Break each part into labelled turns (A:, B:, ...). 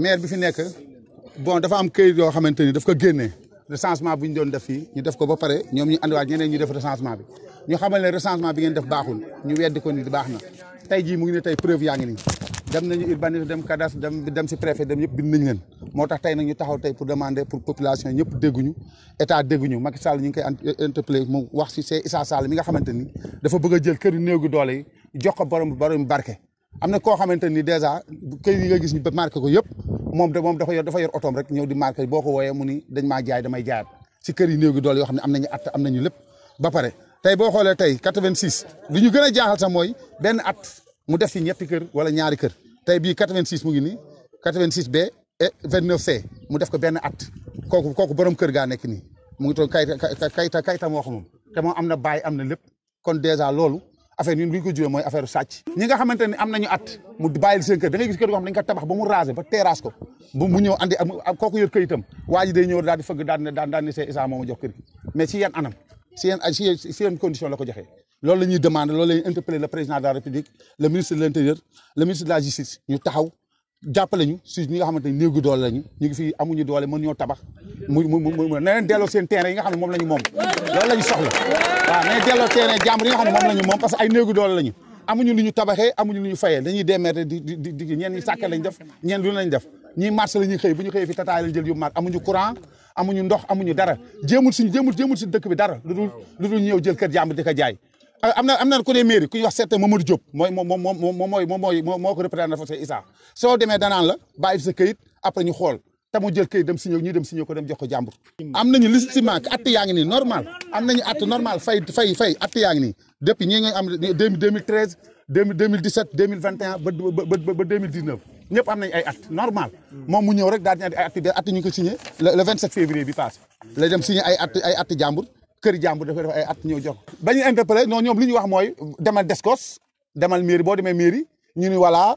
A: maire bi fi nekk bon dafa am këyit yoo xamante ni daf ko génnee recensement bu ñu doon def fii ñu def ko ba pare ñoom ñu andiwaat ñeneen ñu def recensement bi ñu xamal ne recensement bi ngeen def baaxul ñu weddi ko ni di baax na tey jii mu ngi ne tey preuve yaa ngi nii dem nañu urbanisme dem cadastre dem dem si préfet dem yëpp bind nañ leen moo tax tey nag ñu taxaw tey pour demander pour population ñëpp dégguñu état dégguñu Macky Sall ñu ngi koy euh, interpellé mu wax si see Issa Sall mi nga xamante ni dafa bëgg a jël këru néew gi doole jox ko borom borom barke am na koo xamante ni dèjà kay yi nga gis ñu marqué ko yëpp moom de moom dafa yor dafa yor otoom rek ñëw di marqué boo ko wooyee mu ni dañ maa jaay damay jaayaat ci kër yi néew gi doole yoo xam ne am nañu at am nañu lépp ba pare tey boo xoolee tey 86 li ñu gën a jaaxal sax mooy benn at mu def ci ñetti kër wala ñaari kër tey bii 86 mu ngi nii 86 B et 29 C mu def ko benn at kooku kooku borom kër gaa nekk nii mu ngi toog kayita kayita kayita moom te am na baay am na lépp kon dèjà loolu affaire ñun bu ñu ko jiwee mooy affaire sàcc ñi nga xamante ne am nañu at mu bàyyil seen kër da ngay gis kër goo xam ko tabax ba mu rasé ba terrasse ko bu mu ñëw andi kooku yor këyitam waa ji day ñëw daal di fëgg daal ne daal ne c'est Issa jox kër mais si yan anam si yan condition la ko joxee loolu la ñuy demandé loolu la ñuy interpellé le président de la république le ministre de la justice ñu taxaw jàppale ñu si ñi nga xamante ni néegu doole lañu ñu ngi fi amuñu doole mën ñoo tabax mu mu mu na leen delloo seen terrain yi nga xam ne moom la ñu moom loolu la ñu soxla waaw na leen delloo terrain jàmbur yi nga xam ne moom la ñu moom parce que ay néegu doole lañu amuñu lu ñu tabaxee amuñu lu ñu fayee dañuy di di di ñeen ñi sàkke lañ def ñeen lu lañ def ñii marché la ñuy xëy bu ñu xëyee fi tataay lañ jël yóbbu marché amuñu courant amuñu ndox amuñu dara jéemul suñu jéemul jéemul si dëkk bi dara lu dul lu dul ñëw jël kër jàmbur di ko jaay Euh, am na am na ku ne mairie ku ñuy wax certain Mamadou Diop mooy moom moom moom mooy moom mooy moo ko représenté dafa see Issa soo demee danaan la bàyyi sa këyit après ñu xool te mu jël këyit dem signé ñu dem signé ko dem jox ko jàmbur. am nañu li si manque at yaa ngi nii normal am nañu at normal fay fay fay at yaa ngi nii depuis ñi nga am 2013 2017 2021 ba ba ba 2019 ñëpp am nañu ay at normal moom mu ñëw rek daal di ay at ñu ko signé le 27 février bi passé lay dem signé ay at ay at jàmbur. kër jàmbur dafay def ay at ñëw jox dañuy interpellé non ñoom li ñu wax mooy demal Descos demal mairie boo demee mairie ñu ni voilà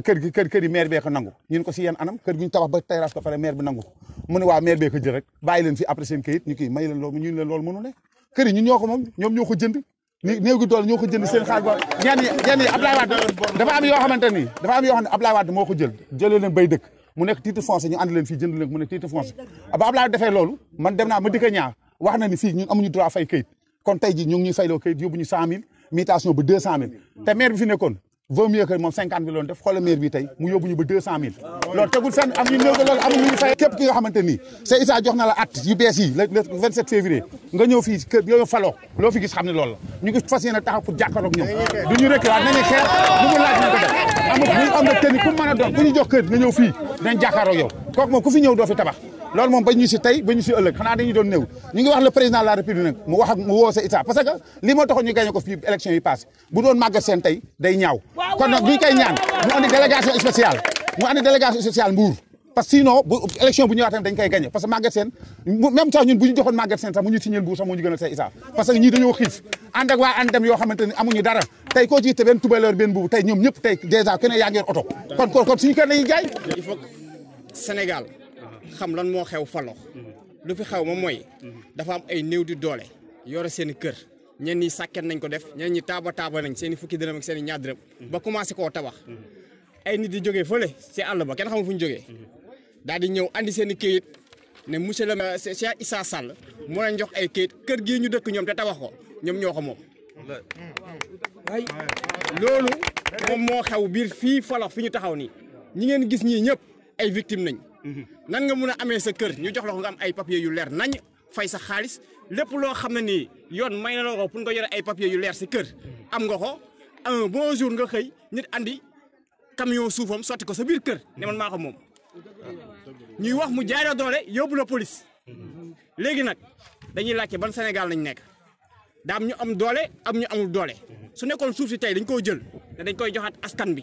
A: kër bee ko nangu ñun ko si yenn anam kër gi ñu tabax ba terrasse ko pare maire bi nangu mu ne waa maire bee ko jël rek bàyyi leen fi après seen kayit ñu kii may leen loolu ñu ne kër yi ñoo ko moom ñoom ñoo jënd ni ñoo ko jënd seen xaalis ba ñenn ñenn yi dafa am yoo xamante ni dafa am yoo xam ne Abdoulaye Wade moo ko jël jëlee leen bay dëkk mu nekk titre foncier ñu ànd leen fii jënd loolu man dem naa ma dikk ñaar wax na ni fii amuñu droit fay kayit kon tey jii ñu ngi ñuy fayloo kayit yóbbu ñu cent mille mutation ba deux cent mille te maire bi fi nekkoon vaut mieux que moom cinquante mille loon def xoolal maire bi tey mu yóbbu ñu ba deux cent mille loolu tegul seen am ñu néew loolu am ñu fay képp ki nga xamante nii jox na la at yu bees yi le vingt sept février nga ñëw fii kër yooyu faloo loo fi gis xam ne loolu la ñu ngi fas yéene taxaw pour jàkkaarloog ñoom du ñu rek waa na ko ku mën a doon ku ñu jox kër nga ñëw fi dañ jàkkaarloog yow kooku moom ku fi ñëw doo fi tabax loolu moom ba ñu si tey ba ñu si ëllëg xanaa dañuy doon néew ñu ngi wax le président la république nag mu wax mu woo sa état parce que li moo taxoon ñu ko fii élection yi passé bu doon màgg tey day ñaaw kon bu ñu koy ñaan mu andi délégation spéciale mu andi délégation spéciale Mbour parce que sinon bu élection bu dañ koy gagné parce que Maguette Sène même sax bu ñu joxoon Maguette sax mu ñu signal bu sax moo ñu gën a say isa parce que ñii dañoo xiif ànd ak waa àndam
B: xam lan moo xew falo mm-hmm. lu fi xew ma mooy mm-hmm. dafa am ay néew di doole yore seen kër ñenn ñi sàkket nañ ko def ñenn ñi taaba taaba nañ seen i fukki dërëm ak seen i ba mm-hmm. commencé koo tabax ay nit di jóge fële ci àll ba kenn xamul fu ñu jógee daal di ñëw andi seen i këyit ne monsieur le maire Cheikh Issa moo leen jox ay këyit kër gii ñu dëkk ñoom te tabax ko ñoom ñoo ko moom loolu moom moo xew biir fii falox fi ñu taxaw nii ñi ngeen gis ñii ñëpp ay victime nañ nan nga mun a amee sa kër ñu jox la ko nga am ay papier yu leer nañ fay sa xaalis lépp loo xam ne ni yoon may na la pour nga yore ay papier yu leer si kër. am nga ko un bon jour nga xëy nit andi camion suufam sotti ko sa biir kër ne man maa ko moom. ñuy wax mu jaay la doole yóbbu la police. léegi nag dañuy laajte ban Sénégal lañ nekk daam ñu am doole am ñu amul doole su nekkoon suuf si tey dañ koo jël te dañ koy joxaat askan bi.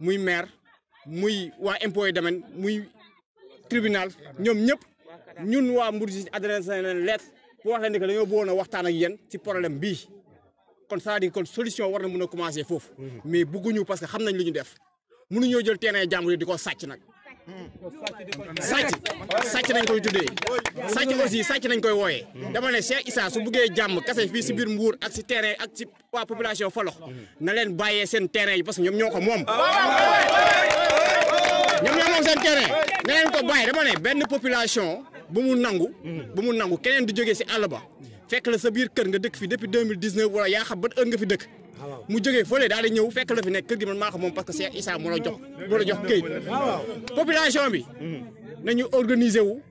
B: muy maire muy waa impôt et domaine muy tribunal ñoom ñëpp ñun waa Mbour gi adressé leen lettre pour wax leen ni que dañoo bëggoon a waxtaan ak yéen ci problème bii kon c'est-à-dire kon solution war na mën a commencer foofu mhm. mais bëgguñu parce que xam nañ li ñu def mënuñoo jël terrain jàmbur yi di ko sàcc nag sàcc sàcc nañ koy tuddee sàcc aussi sàcc nañ koy wooyee dama ne Cheikh Issa su buggee jàmm kase fii si biir Mbour ak si terrain ak si waa population folo na leen bàyyee seen terrain yi parce que ñoom ñoo ko moom ñoom ñoo moom seen terrain na leen ko bàyyi dama ne benn population bu mu nangu bu mu nangu keneen di jóge si àll ba fekk la sa biir kër nga dëkk fi depuis 2019 wala yaa xam ba heure nga fi dëkk mu jógee fële daal di ñëw fekk la fi nekk kër gi man maa ko moom parce que Cheikh Issa jox këyit population bi hmm. nañu organiser wu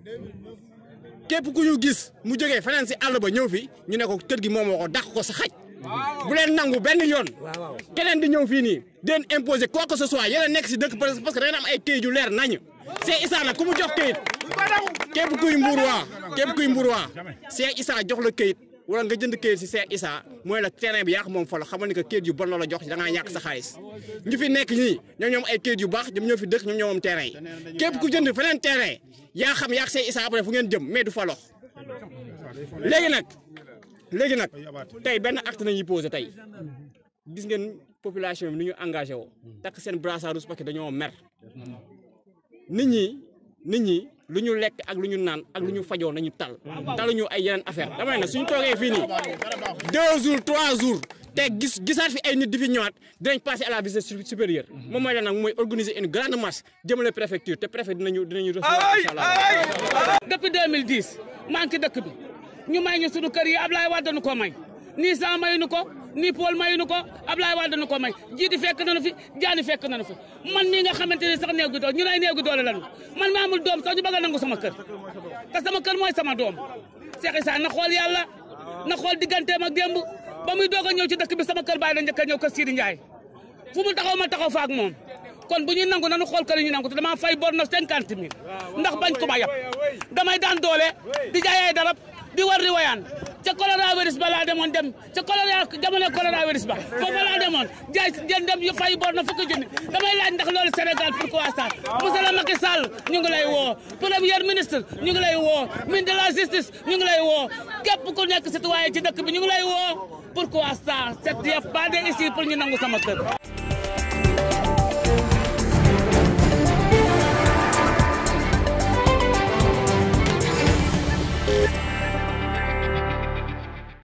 B: képp ku ñu gis mu jógee feneen si àll ba ñëw fi ñu ne ko kër gi moom moo ko dàq ko sa xaj bu leen nangu benn yoon keneen di ñëw fii nii den imposer quoi que ce soit nekk si dëkk parce que dangeen am ay këyit yu leer nañ Cheikh Issa nag ku mu jox këyit képp kuy mbuur waa ah, képp kuy mbuur waa ah, Cheikh Issa jox la këyit wala nga jënd këyit si Cheikh Issa mooy la terrain bi yàq moom fa xam xamal ni que këyit yu bon la la jox da ngaa yàq sa xaalis ñu fi nekk ñii ñoom ñoom ay këyit yu baax ñoom ñoo fi dëkk ñoom ñoom terrain yi képp ku jënd feneen terrain yaa xam yàq Cheikh Issa après fu ngeen jëm mais du fa léegi nag léegi nag tey benn acte nañuy posé tey gis ngeen population bi ni ñu engagé wo takk seen brassard rouge parce que dañoo mer nit ñi nit ñi lu ñu lekk ak lu ñu naan ak lu ñu fajoo na nañu tal taluñu ay yeneen affaire dama ne suñu toogee fii nii deux jours trois jours te gis gisaat fi ay nit di fi ñëwaat dinañ passer a la visite supérieure mhm. moom mooy la nag mooy organiser une grande marche
C: jëmale préfecture te préfet dinañu dinañu recevoir inshallah depuis 2010 manque dëkk bi ñu may ñu suñu kër yi Ablaye Wade nu ko may nii sa mayuñu ko nii Paul mayu nu ko Ablaye Wade nu ko may jiiti fekk nanu fi jaani fekk nanu fi man mii nga xamante ne sax néegu doole ñun ay néegu doole lanu man maa amul doom sax ñu bëgg a nangu sama kër te sama kër mooy sama doom Cheikh Issa na xool yàlla na xool digganteem ak démb ba muy doog a ñëw ci dëkk bi sama kër bàyyi la njëkk a ñëw kër Sidi Ndiaye fu mu taxaw ma taxaw fa ak moom kon bu ñuy nangu nanu xool kër ñu nangu te dama fay bor na cinquante mille ndax bañ ko ma yab damay doole di jaay ay darab di war di wayaan ca coronavirus ba laa demoon dem ca corona jamono coronavirus ba foofa laa demoon jaay jëndam yu fay bor na fukki junni damay laaj ndax loolu Sénégal pourquoi ça monsieur le ñu ngi lay woo premier ministre ñu ngi la justice ñu ngi lay woo képp ku nekk citoyen ci dëkk bi ñu ngi lay woo pourquoi ça c'est pas de ici pour ñu nangu sama kër